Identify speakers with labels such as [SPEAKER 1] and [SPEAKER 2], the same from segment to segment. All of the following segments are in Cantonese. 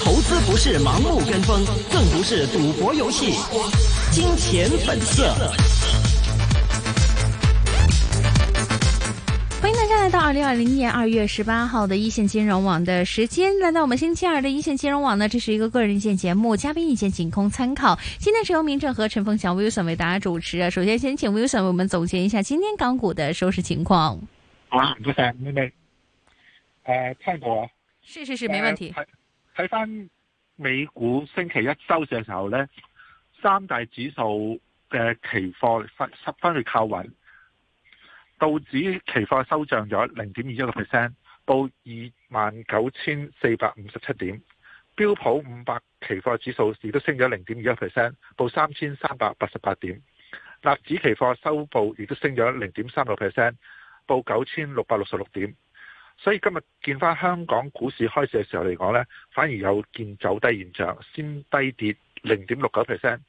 [SPEAKER 1] 投資不是盲目跟風，更不是賭博遊戲。金錢本色。歡迎大家來到二零二零年二月十八號的一線金融網的時間，來到我們星期二的一線金融網呢，這是一個個人意見節，節目，嘉賓意見僅供參考。今天是由民政和陳鳳翔 Wilson 為大家主持啊。首先，先請 Wilson 為我們總結一下今天港股的收市情況。
[SPEAKER 2] 好 w i l s、啊誒、呃，聽過啊！是是是，沒問題。睇睇翻美股星期一收市嘅時候咧，三大指數嘅期貨十分去靠穩，道指期貨收漲咗零點二一個 percent，到二萬九千四百五十七點。標普五百期貨指數亦都升咗零點二一個 percent，到三千三百八十八點。納指期貨收報亦都升咗零點三個 percent，到九千六百六十六點。所以今日見翻香港股市開始嘅時候嚟講呢，反而有見走低現象，先低跌零點六九 percent，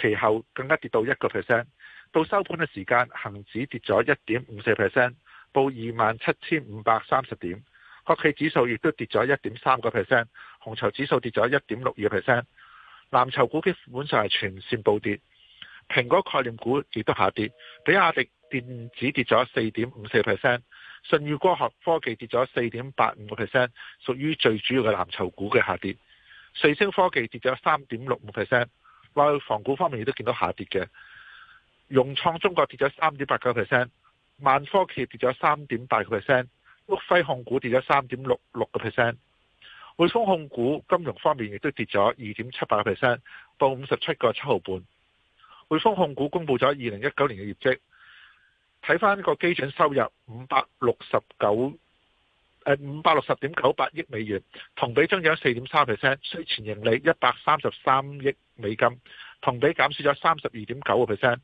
[SPEAKER 2] 其後更加跌到一個 percent，到收盤嘅時間，恒指跌咗一點五四 percent，報二萬七千五百三十點，國企指數亦都跌咗一點三個 percent，紅籌指數跌咗一點六二 percent，藍籌股基本上係全線暴跌，蘋果概念股亦都下跌，比亞迪電子跌咗四點五四 percent。舜宇光學科技跌咗四點八五個 percent，屬於最主要嘅藍籌股嘅下跌。瑞星科技跌咗三點六五個 percent。內房股方面亦都見到下跌嘅，融創中國跌咗三點八九個 percent，萬科企業跌咗三點八個 percent，旭輝控股跌咗三點六六個 percent。匯豐控股金融方面亦都跌咗二點七八個 percent，報五十七個七毫半。匯豐控股公布咗二零一九年嘅業績。睇翻個基準收入五百六十九，誒五百六十點九八億美元，同比增長四點三 percent，稅前盈利一百三十三億美金，同比減少咗三十二點九個 percent，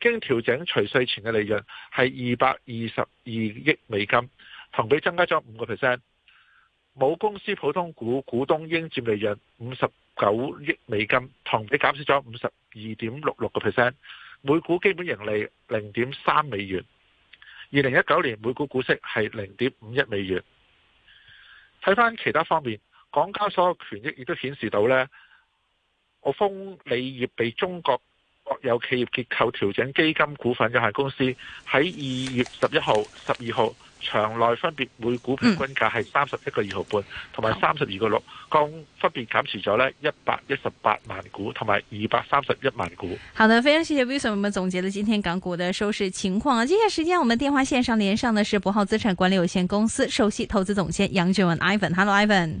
[SPEAKER 2] 經調整除稅前嘅利潤係二百二十二億美金，同比增加咗五個 percent，母公司普通股股東應佔利潤五十九億美金，同比減少咗五十二點六六個 percent。每股基本盈利零點三美元，二零一九年每股股息係零點五一美元。睇翻其他方面，港交所權益亦都顯示到呢澳豐利業被中國國有企業結構調整基金股份有限公司喺二月十一號、十二號。場內分別每股平均價係三十一個二毫半，同埋三十二個六，共分別減持咗咧一百一十八萬股，同埋二百三十一萬股。
[SPEAKER 1] 好的，非常謝謝 Wilson，我們總結了今天港股的收市情況。啊，接下時間，我們電話線上連上的是博浩資產管理有限公司首席投資總監楊俊文，Ivan，Hello，Ivan。Ivan Hello, Ivan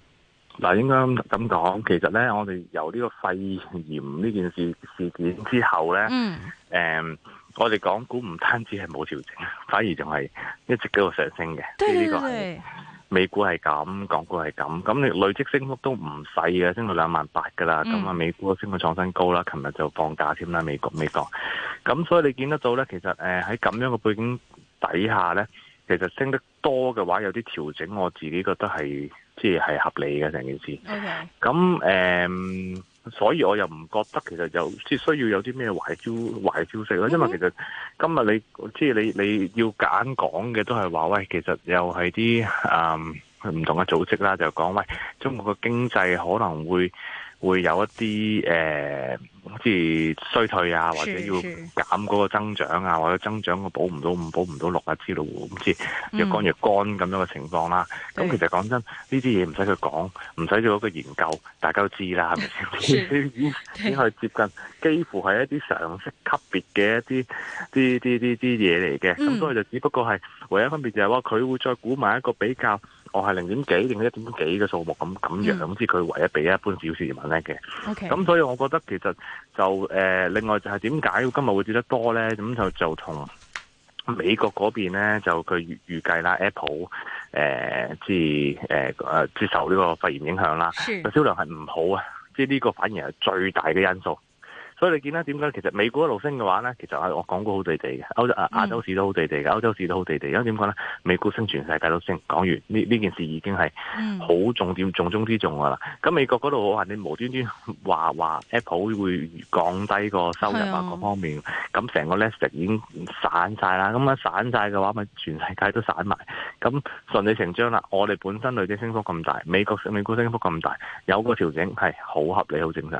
[SPEAKER 3] 嗱，應該咁講，其實咧，我哋由呢個肺炎呢件事事件之後咧，誒、嗯嗯，我哋港股唔單止係冇調整，反而仲係一直都度上升嘅。對，對，對個，美股係咁，港股係咁，咁、嗯、你累積升幅都唔細嘅，升到兩萬八噶啦。咁啊、嗯，美股升到創新高啦，琴日就放假添啦，美國美國。咁所以你見得到咧，其實呃，喺咁樣嘅背景底下咧，其實升得多嘅話，有啲調整，我自己覺得係。即係合理嘅成件事，咁誒 Okay.，um, 所以我又唔覺得其實有即係需要有啲咩壞招壞消息咯，因為其實今日你即係、就是、你你要揀講嘅都係話喂，其實又係啲誒唔同嘅組織啦，就講喂，中國嘅經濟可能會會有一啲誒，呃即衰退啊，或者要減嗰個增長啊，或者增長個保唔到五，保唔到六啊，之類，唔知越干越干咁樣嘅情況啦。咁、嗯、其實講真，呢啲嘢唔使佢講，唔使做一個研究，大家都知啦，係咪先？只係 接近，幾乎係一啲常識級別嘅一啲啲啲啲啲嘢嚟嘅。咁所以就只不過係唯一分別就係話佢會再估埋一個比較。我係零點幾定係一點幾嘅數目咁咁樣咁知佢唯一比一般小市民呢嘅。咁 Okay 所以我覺得其實就誒、呃，另外就係點解今日會跌得多咧？咁就就同美國嗰邊咧，就佢預計計啦，Apple 誒、呃，即係、呃、接受呢個肺炎影響啦，個銷是量係唔好啊，即係呢個反而係最大嘅因素。所以你見啦，點解其實美股一路升嘅話咧，其實我講過好地地嘅，歐亞洲市都好地地嘅，歐洲市都好地地。因為點講咧，美股升，全世界都升。講完呢呢件事已經係好重點重中之重㗎啦。咁美國嗰度我話你無端端話話 Apple 會降低個收入啊，各方面咁成個 list 已經散晒啦。咁啊散晒嘅話咪全世界都散埋，咁順理成章啦。我哋本身累積升幅咁大，美國美股升幅咁大，有個調整係好合理，好正常。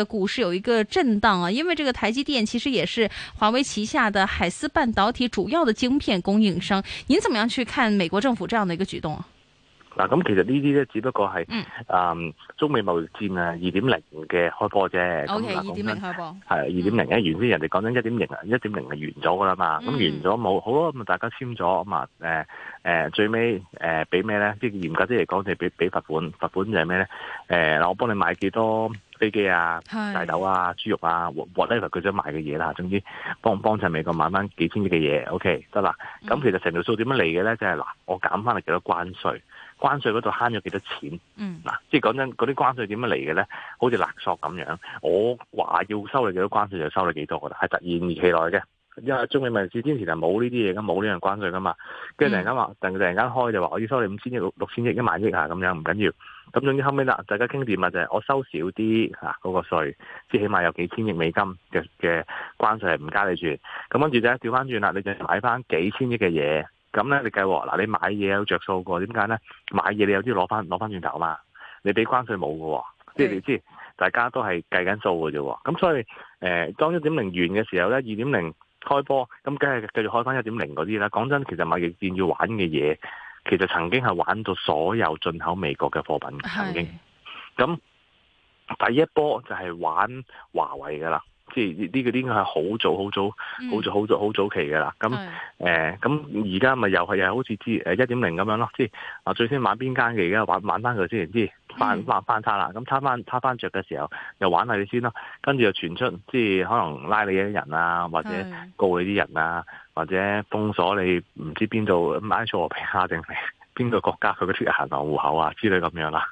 [SPEAKER 1] 股市有一個震盪啊，因為這個台積電其實也是華為旗下的海思半導體主要的晶片供應商。您怎麼樣去看美國政府這樣的一個舉動
[SPEAKER 3] 啊？嗱，咁其實呢啲咧只不過係，嗯，中美貿易戰啊二點零嘅開波啫。OK，二點零開波係二點零，一原先人哋講緊一點零啊，一點零係完咗噶啦嘛。咁、嗯、完咗冇好咯，咁大家簽咗啊嘛。誒、嗯、誒、呃，最尾誒俾咩咧？即係嚴格啲嚟講就，就俾俾罰款，罰款就係咩咧？誒，嗱，我幫你買幾多？飛機啊、大豆啊、豬肉啊或 h 佢想賣嘅嘢啦，總之幫唔幫襯美國買翻幾千億嘅嘢，OK 得啦。咁、嗯、其實成條數點樣嚟嘅咧，就係、是、嗱，我減翻嚟幾多少關稅，關稅嗰度慳咗幾多少錢，嗱、嗯啊，即係講真，嗰啲關稅點樣嚟嘅咧，好似垃圾咁樣，我話要收你幾多少關稅就收你幾多噶啦，係突然而起來嘅。因為中美貿易戰之前就冇呢啲嘢，咁冇呢樣關稅噶嘛，跟住突然間話，mm. 突然突然間開就話我要收你五千億六六千億一萬億啊咁樣，唔緊要。咁總之後尾啦，大家傾掂啦，就係、係、我收少啲嗰個稅，即係起碼有幾千億美金嘅嘅關稅係唔加你住。咁跟住就調翻轉啦，你就買翻幾千億嘅嘢，咁咧你計喎嗱，你買嘢有着數過點解咧？買嘢你有啲攞翻攞翻轉頭嘛，你俾關稅冇噶，即係、mm. 你知，大家都係計緊數噶啫。咁所以誒，當一點零完嘅時候咧，二點零。開波，咁梗係繼續開翻一點零嗰啲啦。講真，其實貿易戰要玩嘅嘢，其實曾經係玩到所有進口美國嘅貨品，曾經。咁是第一波就係玩華為噶啦。即係呢個啲應該係好早好早好早好早好早期嘅啦。咁誒咁而家咪又係又係好似之誒一點零咁樣咯。即係最先玩邊間嘅而家玩玩翻佢先，知翻翻翻差啦。咁差翻差翻著嘅時候，又玩下你先咯。跟住又傳出即係可能拉你一啲人啊，或者告你啲人啊，是或者封鎖你唔知邊度買錯皮卡定係邊個國家佢啲銀行戶口啊之類咁樣啦，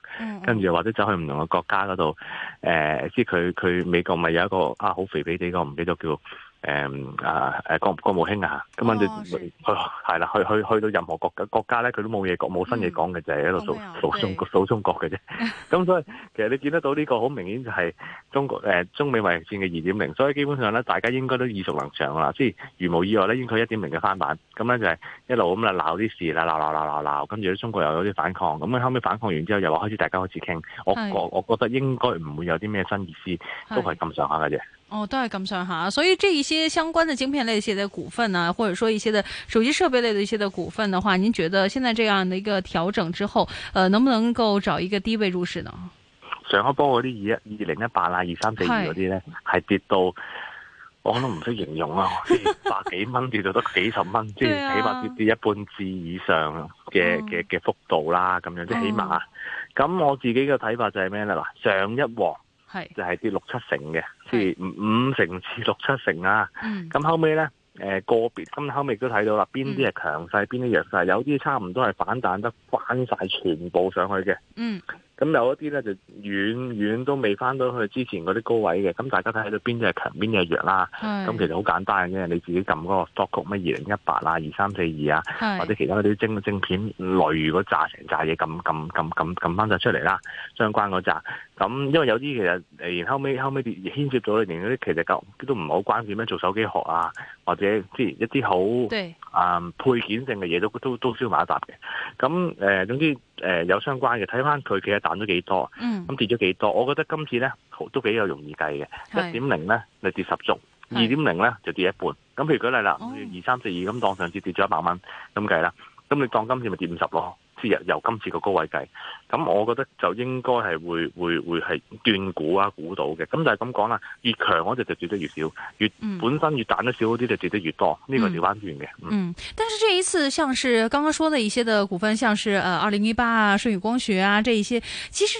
[SPEAKER 3] 跟住、mm hmm. 或者走去唔同嘅國家嗰度，誒、呃，即係佢佢美國咪有一個啊好肥肥哋，個唔記得叫。誒、嗯，啊，誒，國國務卿啊，咁樣就去係啦，去去去到任何國國家咧，佢都冇嘢，冇新嘢講嘅，就係、嗯、一度掃掃中掃中國嘅啫。咁 所以，其實你見得到呢個好明顯就係中國誒、呃、中美貿易戰嘅二點零，所以基本上咧，大家應該都耳熟能詳啦，即係如無意外咧，應該一點零嘅翻版。咁咧就係一路咁啦，鬧啲事啦，鬧鬧鬧鬧鬧，跟住中國又有啲反抗。咁啊後尾反抗完之後，又話開始大家開始傾。我覺的我覺得應該唔會有啲咩新意思，都係咁上下嘅啫。
[SPEAKER 1] 哦，oh, 對咁上下。所以這一些相關嘅晶片類一些的股份呢，啊，或者說一些的手機設備類的一些的股份的話，您覺得現在這樣的一個調整之後，呃，能不能夠找一個低位入市呢？
[SPEAKER 3] 上一波嗰啲二一二零一八啊，二三四二嗰啲呢，係是跌到我可能唔識形容啊，百幾蚊跌到得幾十蚊，即係、 啊、起碼跌跌一半至以上嘅嘅嘅幅度啦，咁樣即起碼。咁、嗯、我自己嘅睇法就係咩呢？嗱，上一鑊。係是就係跌六七成嘅，即係是五成至六七成啦、啊。咁、嗯、後尾咧，誒個別咁後尾都睇到啦，邊啲係強勢，邊啲、嗯、弱勢。有啲差唔多係反彈得翻晒全部上去嘅。嗯。咁有一啲咧就遠遠都未翻到去之前嗰啲高位嘅。咁大家睇到邊啲係強，邊啲係弱啦。咁是其實好簡單嘅啫，你自己撳嗰個 stock code 咩二零一八啊，二三四二啊，是或者其他嗰啲晶片類嗰紮成扎嘢，撳撳撳撳撳翻就出嚟啦，相關嗰扎。咁，因為有啲其實，然後尾後尾牽涉咗咧，連啲其實都唔係好關注咩做手機殼啊，或者即係一啲好啊配件性嘅嘢都都都燒埋一疊嘅。咁誒、呃，總之誒、呃、有相關嘅，睇翻佢其實賺咗幾多，咁、嗯、跌咗幾多，我覺得今次咧都幾有容易計嘅。一點零咧，你跌十足；二點零咧，就跌一半。咁譬如舉例啦，二三四二咁當上次跌咗一百蚊，咁計啦，咁你當今次咪跌五十咯？由今次個高位計，咁我覺得就應該係會會會係斷估啊估到嘅，咁就係咁講啦。越強嗰隻就跌得越少，越本身越賺得少嗰啲就跌得越多，呢、嗯、個係調返轉嘅。嗯，
[SPEAKER 1] 嗯，但是呢一次，像是剛剛說的一些嘅股份，像是呃二零一八啊舜宇光學啊這一些，其實。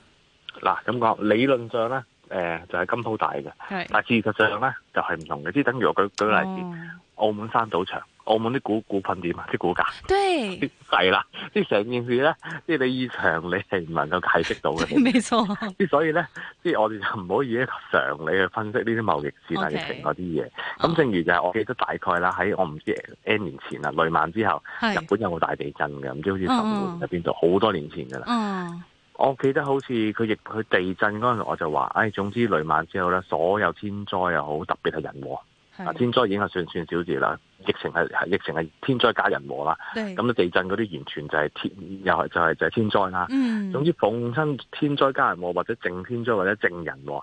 [SPEAKER 3] 嗱咁講，理論上咧，誒、呃、就係、是、金鋪大嘅，對但係事實上咧就係、是、唔同嘅。即係等於我舉舉例子，嗯、澳門山賭場，澳門啲股股份點啊啲股價，對係啦，即係成件事咧，即係你以常理係唔能夠解釋到嘅。冇錯。即係所以咧，即係我哋就唔可以常理去分析呢啲貿易市態嘅成嗰啲嘢。咁 Okay. 正如就係嗯、我記得大概啦，喺我唔知 N 年前啦，雷曼之後，是日本有冇，有大地震嘅，唔、嗯嗯、知好似十號入邊度，好多年前噶啦。嗯我記得好似佢疫佢地震嗰陣，我就話，哎，總之雷曼之後咧，所有天災又好，特別係人禍。天災已經係算算小事啦，疫情係疫情係天災加人禍啦。咁是地震嗰啲完全就係天，又係就係、是、就係、是、天災啦。嗯、總之逢親天災加人禍，或者正天災或者正人禍。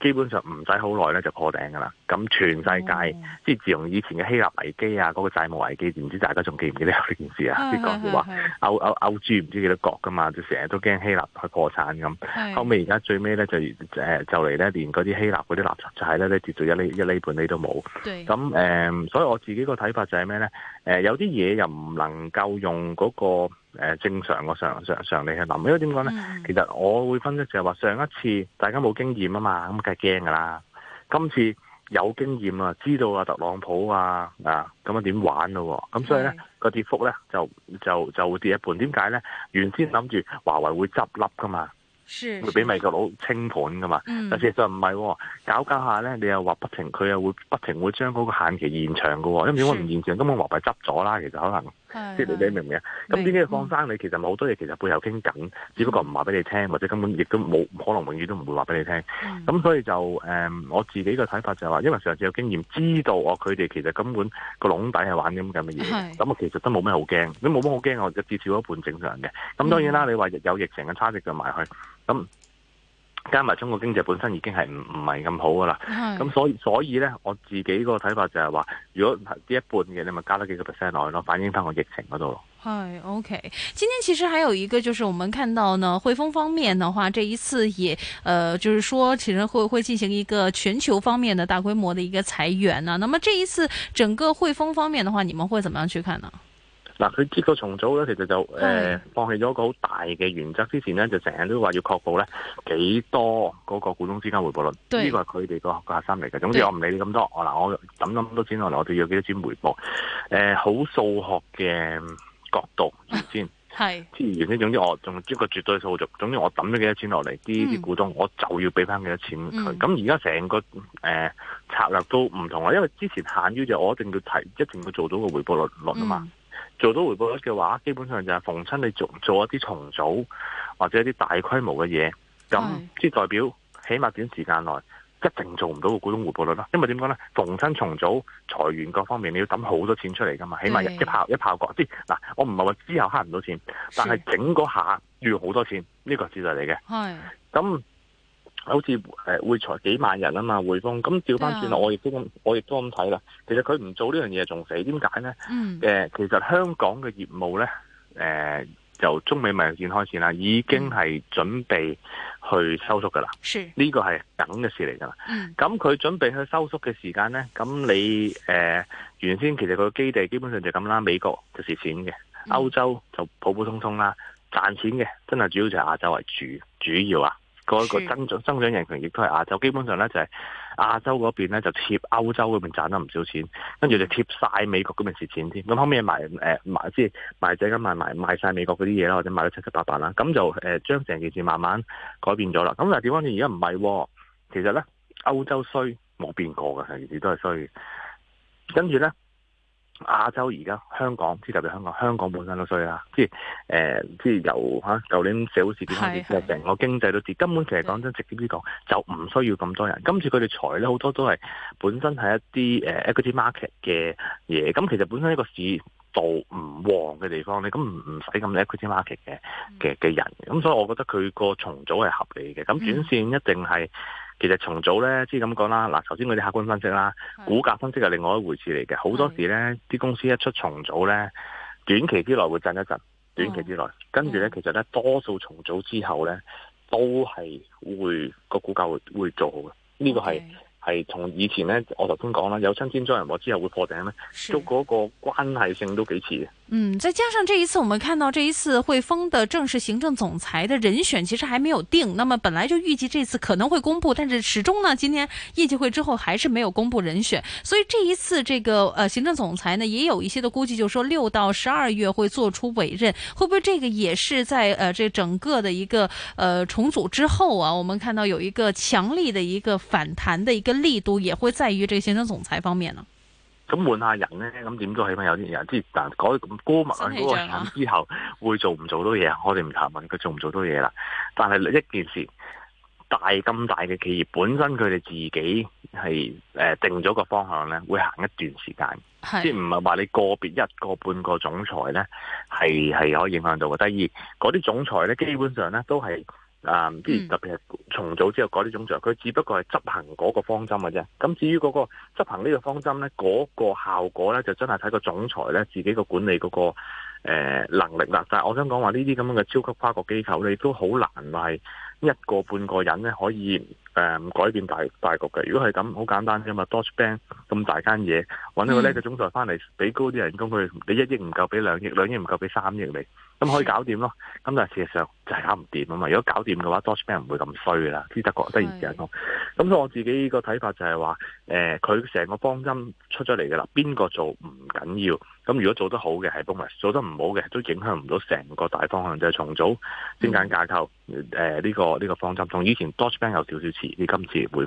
[SPEAKER 3] 基本上唔使好耐咧就破頂噶啦，咁全世界即係自從以前嘅希臘危機啊，嗰個債務危機，唔知大家仲記唔記得呢件事啊？即係講住話，歐歐歐豬唔知幾多國噶嘛，就成日都驚希臘去破產咁。後尾而家最尾咧就誒就嚟咧連嗰啲希臘嗰啲垃圾債咧咧跌到一厘一厘半厘都冇。咁誒，所以我自己個睇法就係咩咧？誒，有啲嘢又唔能夠用嗰個。誒，正常個常常常理嘅。嗱，因為點講咧？嗯、其實我會分析就係話，上一次大家冇經驗啊嘛，咁梗係驚噶啦。今次有經驗啦、啊，知道啊特朗普啊啊，咁樣點玩咯、啊？咁、嗯、所以咧個是跌幅咧就就就會跌一半。點解咧？原先諗住華為會執笠噶嘛，會俾美國佬清盤噶嘛，但係其實唔係，搞搞下咧，你又話不停，佢又會不停會將嗰個限期延長噶，因為點解唔延長？是根本華為執咗啦，其實可能。即你的你明唔明，咁呢啲放生你，其實好多嘢其實背後傾緊，只不過唔話俾你聽，或者根本亦都冇可能，永遠都唔會話俾你聽。咁、嗯、所以就誒、嗯，我自己嘅睇法就係話，因為上次有經驗，知道我佢哋其實根本個窿底係玩咁緊嘅嘢，咁啊的其實都冇咩好驚，都冇乜好驚，我至少一半正常嘅。咁當然啦，嗯、你話有疫情嘅差別就埋去咁。加埋中國經濟本身已經係唔唔係咁好噶啦，咁是、嗯、所以所以咧，我自己個睇法就係話，如果呢一半嘅，你咪加多幾個 percent 落去咯，反映翻個疫情嗰度咯。
[SPEAKER 1] 係，OK。今天其實還有一個就是我們看到呢，匯豐方面的話，這一次也，呃，就是說其實會會進行一個全球方面的大規模的一個裁員啊。那麼這一次整個匯豐方面的話，你們會怎麼樣去看呢？
[SPEAKER 3] 嗱佢結果重組咧，其實就誒是放棄咗一個好大嘅原則。之前咧就成日都話要確保咧幾多嗰個股東之間回報率，呢個係佢哋個個核心嚟嘅。總之我唔理你咁多，我嗱我抌咁多錢落嚟，我哋要幾多錢回報？誒，好數學嘅角度先，係，先總之，我仲呢個絕對數，總之我抌咗幾多錢落嚟，啲啲股東我就要俾翻幾多錢佢。咁而家成個誒、呃、策略都唔同啦，因為之前限於就我一定要提，一定要做到個回報率率啊嘛。嗯做到回報率嘅話，基本上就係逢親你做做一啲重組或者一啲大規模嘅嘢，咁即係代表起碼短時間內一定做唔到個股東回報率咯。因為點講咧，逢親重組裁員各方面你要抌好多錢出嚟噶嘛，起碼一炮的一炮過。即嗱，我唔係話之後慳唔到錢，但係整嗰下要好多錢，呢、這個事實嚟嘅。係咁的。好似誒會裁幾萬人啊嘛，匯豐咁照翻轉啦，我亦都咁我亦都咁睇啦。其實佢唔做呢樣嘢仲死，點解呢、嗯呃？其實香港嘅業務呢，誒、呃、就中美貿易戰開始啦，已經係準備去收縮噶啦。是呢個係等嘅事嚟噶啦。咁佢、嗯、準備去收縮嘅時間呢，咁你誒、呃、原先其實個基地基本上就咁啦。美國就蝕錢嘅，歐、嗯、洲就普普通通啦，賺錢嘅真係主要就係亞洲為主，主要啊。個個增長增長人羣亦都係亞洲，基本上咧就係亞洲嗰邊咧就貼歐洲嗰邊賺得唔少錢，跟住就貼晒美國嗰邊蝕錢添。咁後尾賣誒埋即係賣仔咁賣賣晒美國嗰啲嘢啦，或者賣到七七八八啦，咁就誒、呃、將成件事慢慢改變咗啦。咁但係點解而家唔係喎？其實咧歐洲衰冇變過嘅，成件事都係衰。跟住咧。亞洲而家香港，即係特別香港，香港本身都衰啦。即係誒，即、呃、係、呃、由舊、啊、年社會事件開始，成個經濟都跌，根本其實講真，是 直接啲講就唔需要咁多人。今次佢哋裁咧好多都係本身係一啲誒、呃、equity market 嘅嘢，咁其實本身係一個市道唔旺嘅地方咧，咁唔唔使咁 equity market 嘅嘅嘅人。咁、嗯、所以，我覺得佢個重組係合理嘅。咁轉線一定係。嗯嗯其實重組咧，即係咁講啦。嗱，頭先嗰啲客觀分析啦，股價分析係另外一回事嚟嘅。好的多時咧，啲公司一出重組咧，短期之內會震一震，短期之內，跟住咧，的其實咧，多數重組之後咧，都係會個股價會會做好嘅。呢個係。係同以前呢，我頭先講啦，有親天災人禍之後會破頂呢，都嗰個關係性都幾似嘅。
[SPEAKER 1] 嗯，再加上這一次，我們看到這一次匯豐的正式行政總裁的人選其實還沒有定，那麼本來就預計這次可能會公布，但是始終呢，今天業績會之後還是沒有公布人選，所以這一次這個呃行政總裁呢，也有一些的估計，就說，六到十二月會做出委任，會不會這個也是在呃這個整個的一個呃重組之後啊？我們看到有一個強力的一個反彈的一個。力度也會在於這個行政總裁方面呢？
[SPEAKER 3] 咁換下人咧，咁點都起碼有啲人，之但講咗咁高猛個、那個那個那個那個、之後，會做唔做到嘢？我哋唔提問佢做唔做到嘢啦。但係一件事大咁大嘅企業，本身佢哋自己係誒、呃、定咗個方向咧，會行一段時間，是即係唔係話你個別一個，一個半個總裁咧係係可以影響到嘅。第二，嗰啲總裁咧，基本上咧、嗯、都係。啊，啲、嗯、特別係重組之後改啲總裁，佢只不過係執行嗰個方針嘅啫。咁至於嗰個執行呢個方針咧，嗰、嗰個效果咧，就真係睇個總裁咧自己個管理嗰、嗰個、呃、能力啦。但係我想講話呢啲咁樣嘅超級跨國機構，你都好難話一個半個人咧可以誒、呃、改變大大局嘅。如果係咁，好簡單啫嘛。Dodge Bank 咁大間嘢揾到個呢個總裁翻嚟俾高啲人工佢，你一億唔夠俾兩億，兩億唔夠俾三億你。咁、嗯、可以搞掂咯，咁但係事實上就係搞唔掂啊嘛！如果搞掂嘅話 ，Deutsche Bank 唔會咁衰啦，啲 德國得意嘅咯。咁的、嗯、所以我自己個睇法就係話，誒佢成個方針出咗嚟嘅啦，邊個做唔緊要。咁、嗯、如果做得好嘅係 bonus，做得唔好嘅都影響唔到成個大方向，即、就、係、是、重組精簡架構誒呢、 呃這個呢、這個方針。同以前 Deutsche Bank 有少少似，你今次會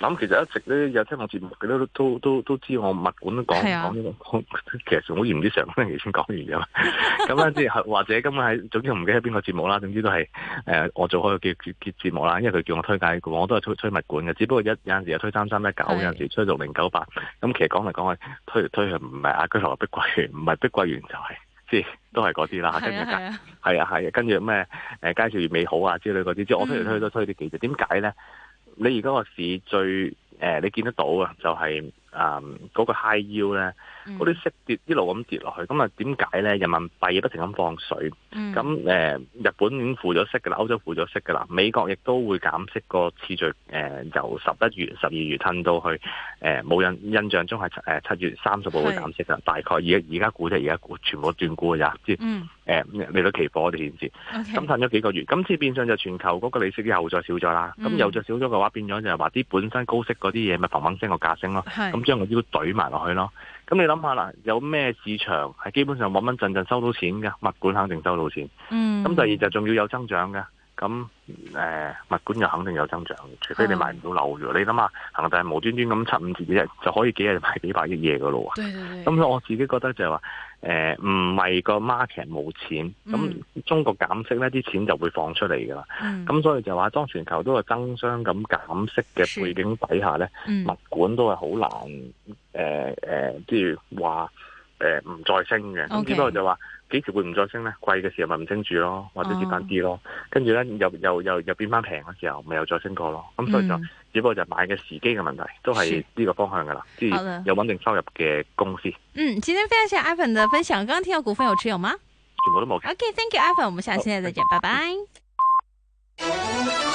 [SPEAKER 3] 諗其實一直咧有聽我節目，佢都都都都知道我物管講講、呢個，啊、其實我完全唔知上星期先講完嘢咁咧即或者今啊，係總之唔記得邊個節目啦。總之都係誒、呃，我做開叫叫節目啦，因為佢叫我推介個，我都係推推物管嘅。只不過一有陣時有推三三一九，有陣時推六零九八。咁其實講嚟講去，推嚟推去唔係雅居樂、碧桂園，唔係碧桂園就係即係都係嗰啲啦。跟住，係啊，係啊，啊，啊跟住咩誒介紹完美好啊之類嗰啲。即我推嚟、嗯、推去都推啲技術，點解咧？推你而家個市最誒，你見得到啊，就係啊嗰個 high you 咧。嗰啲、嗯、息跌一路咁跌落去，咁啊點解咧？人民幣不停咁放水，咁誒、嗯呃，日本已經負咗息嘅啦，歐洲負咗息嘅啦，美國亦都會減息個次序，誒、呃，由十一月、十二月褪到去，誒、呃，冇印印象中係七誒七月三十號會減息噶，是大概而而家估啫，而家估全部斷估噶咋，即係誒利率期貨嗰啲顯示，咁褪咗幾個月，今次變相就全球嗰個利息又再少咗啦，咁、嗯、又再少咗嘅話，變咗就係話啲本身高息嗰啲嘢咪嘭嘭聲個價升價咯，咁將個腰懟埋落去咯。咁、嗯、你諗下啦，有咩市場係基本上穩穩陣陣收到錢嘅？物管肯定收到錢。咁、嗯、第二就仲要有增長嘅。咁、嗯、誒物管又肯定有增長，除非你買唔到樓住。的你諗下，恒大無端端咁七五折幾日就可以幾日賣幾百億嘢㗎咯喎！咁所以我自己覺得就係話。誒，唔係、呃、個 market 冇錢，咁中國減息咧，啲錢就會放出嚟噶啦。咁、嗯、所以就話，當全球都係爭相咁減息嘅背景底下咧，嗯、物管都係好難，誒、呃、誒，即係話，誒、就、唔、是呃呃呃、再升嘅。Okay. 只不過就話，幾時會唔再升咧？貴嘅時候咪唔清楚咯，或者跌翻啲咯。跟住咧，又又又又變翻平嘅時候，咪又再升過咯。咁所以就。嗯只不過就買嘅時機嘅問題，都係呢個方向噶啦，有穩定收入嘅公司。
[SPEAKER 1] 嗯，今天非常謝 Ivan 嘅分享。剛剛聽到股份有持有嗎？全部都冇。OK，thank、okay, you，Ivan，我們下期再見，拜拜。嗯